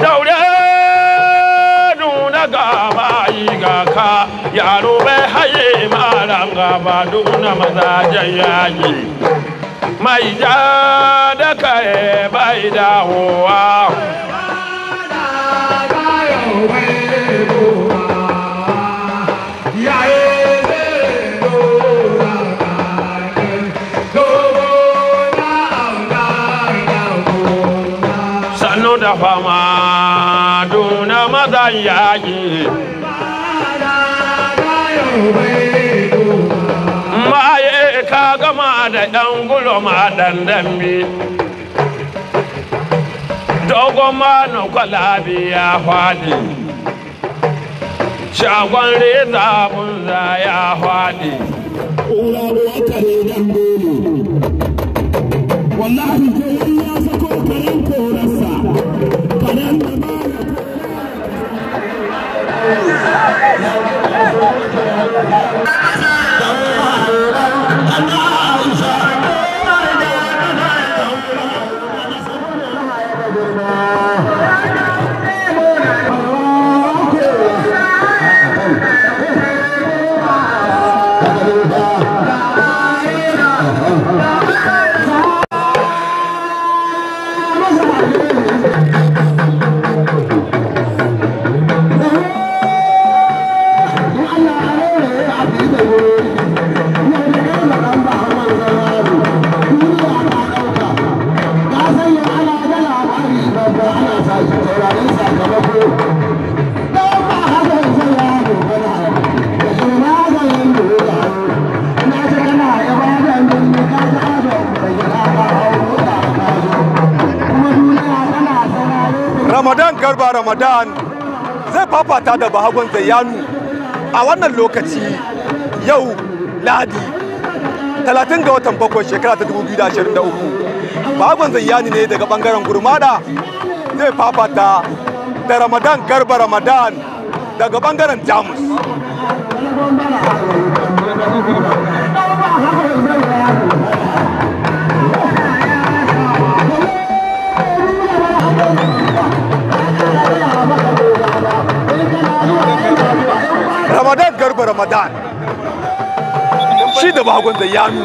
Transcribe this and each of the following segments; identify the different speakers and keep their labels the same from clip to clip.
Speaker 1: daure nuna gaba yi ga yaro bai haye maran gaba duna mazajen yaƙi mai ja da kai bai dawowa Fama kan yaƙi maye ka gama da yan guloma ɗan dambe dogon manu bi ya faɗi shagon reza bunza ya faɗi
Speaker 2: wallahi ko wani ya sako karen korarsa karen da ba Anh
Speaker 3: garba ramadan zai fafata da bahagon zayyanu a wannan lokaci yau ladi 30 ga watan bakwai shekara ta 2023 bahagon zayyanu ne daga bangaren gurmada zai fafata da ramadan garba ramadan daga bangaren jamus ramadan shi da bagon da yanu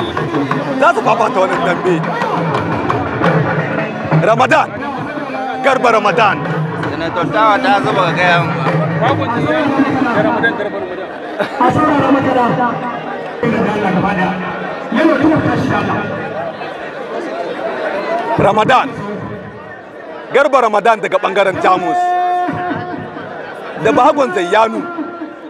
Speaker 3: za su fafata wannan dambe ramadan garba ramadan senator tawa ta zuba gaya ramadan
Speaker 2: ramadan ramadan da Ramadan kuma tashi Ramadan
Speaker 3: Ramadan Garba Ramadan daga bangaren Jamus da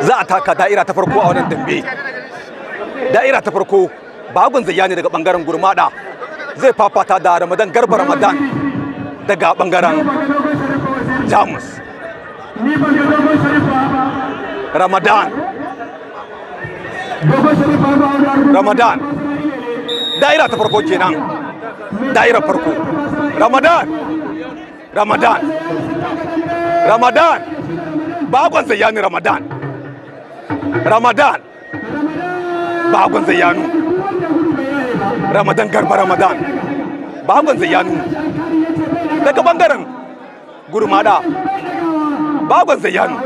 Speaker 3: za a taka da'ira ta farko a wannan dambe da'ira ta farko bagon zayyani daga bangaren gurmada zai fafata da ramadan garba ramadan daga bangaren jamus ramadan ramadan da'ira ta farko kenan da'ira farko ramadan ramadan ramadan bakon zayyanu ramadan ramadan bakon zayyanu ramadan garba ramadan bakon zayyanu daga bangaren gurmada bakon zayyanu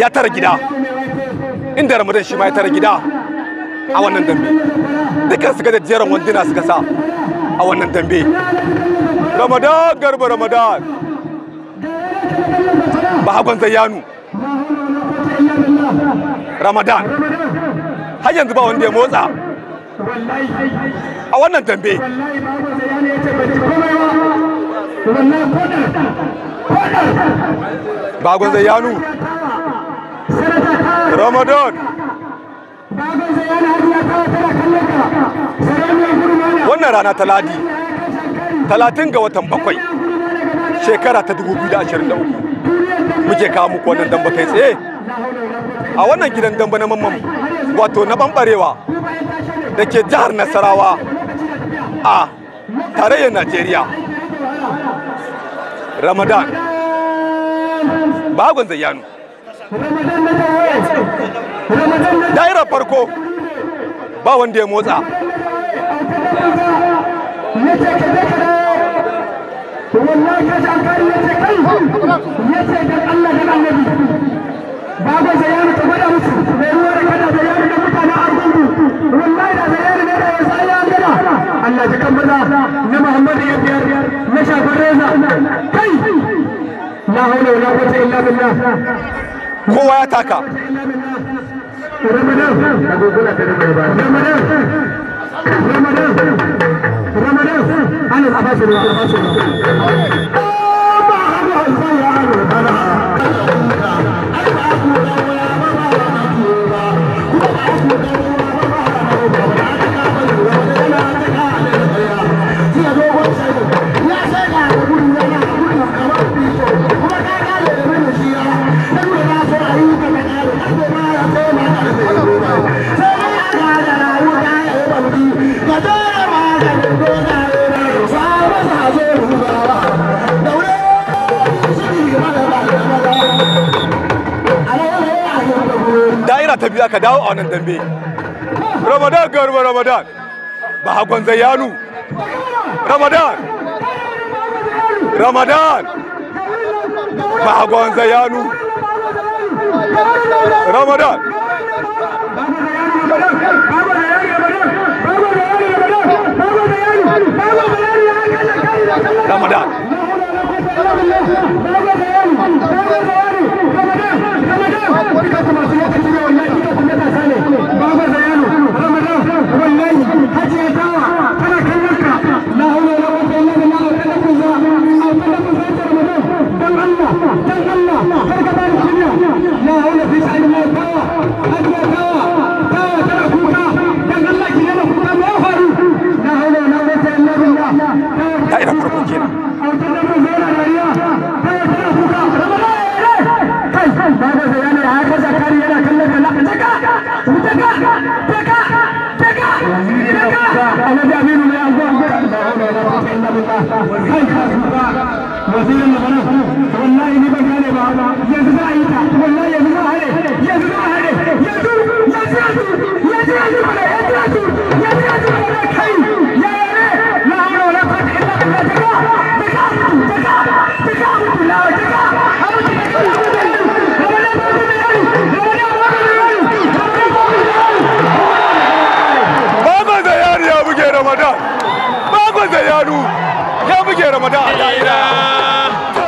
Speaker 3: ya tara gida inda ramadan shi ma ya tara gida a wannan dambe dukkan su ga jeren wanduna suka sa a wannan dambe ramadan garba ramadan bahagon yanu ramadan har yanzu ba wanda ya motsa a wannan dambe bagon zayyanu ramadan wannan rana taladi talatin ga watan bakwai shekara ta 2023 muke kawo muku wannan damba kai tsaye a wannan gidan damba na mamman wato na bambarewa
Speaker 2: da ke jihar nasarawa a tarayyar
Speaker 3: najeriya ramadan bagon zayyano daira farko ba wanda ya motsa
Speaker 2: wallahi ya alkali ya ce kai ya ce dan Allah dan annabi babu zayani ka gwada musu mai ruwa da kada zayani da mutane argungu wallahi da zayani ne ya sa ya gada Allah ji kan bada na Muhammad ya biyar na shafar reza kai taka Ramadan, 我们来了？个是老百姓，老百姓。啊，妈呀，老
Speaker 3: dawo a wannan dambe ramadan garuwa ramadan ba hagon zayanu ramadan ramadan ba hagon zayanu ramadan ramadan da Yaro
Speaker 1: ya buge Ramadan a da'ira.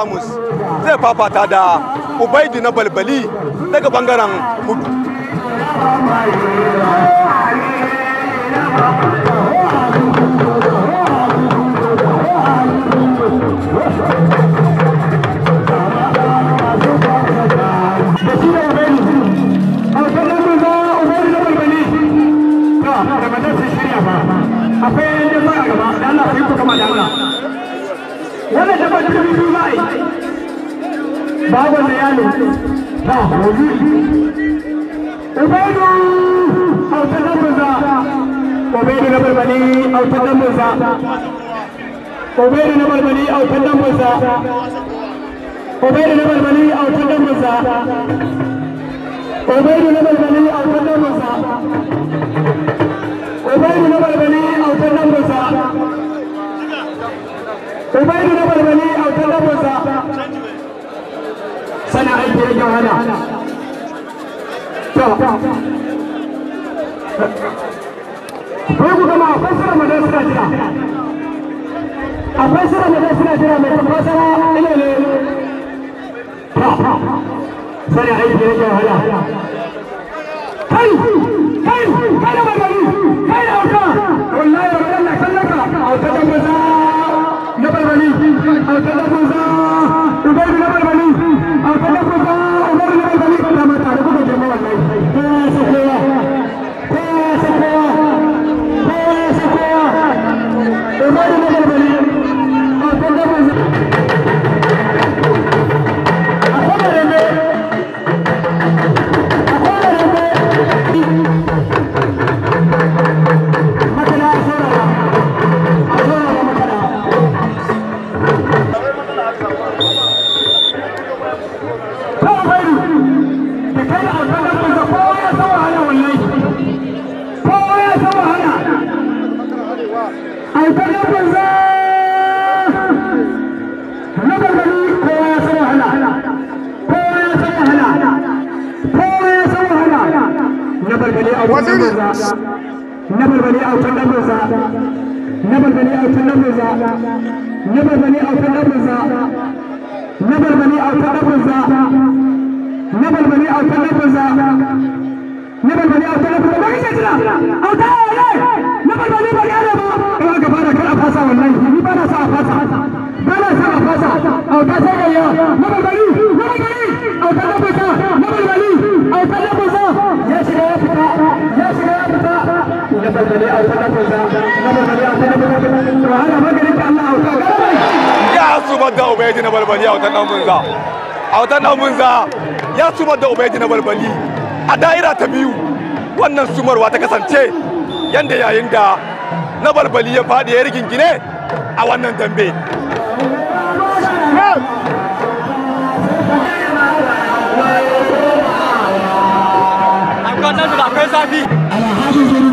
Speaker 3: jamus zai fafata da ubaidu na balbali daga bangaren kudu
Speaker 2: Baba da yalo ta hoji. Ubaidu autar da musa. Ubaidu na barbani Ubaidu na barbani autar da musa. Ubaidu na barbani autar da musa.
Speaker 1: Ubaidu na barbani autar da musa. Ubaidu na Sai ku gama
Speaker 2: suna suna na barbali auta da پو سكووا پو سكووا پو سكووا اڌري نبل بني اٿو ڏاھو سكووا اٿو ڏاھو ري na balbali autan dan buza na balbali autan dan buza na balbali autan dan buza na balbali autan dan buza na balbali autan dan buza na balbali autan dan buza ba kike jira auta ne na balbali bari ana ba kuma gaba da kar a fasa wallahi ni ba na sa a fasa
Speaker 1: ba na sa a fasa
Speaker 2: auta sai ya na balbali na balbali autan dan buza
Speaker 3: ya zubar da ubaidi na balbali a wutan ɗanbunza a ya zubar da ubaidi na balbali a da'ira ta biyu wannan sumarwa ta kasance yadda yayin da na balbali ya faɗi ya rigingine a wannan dambe safi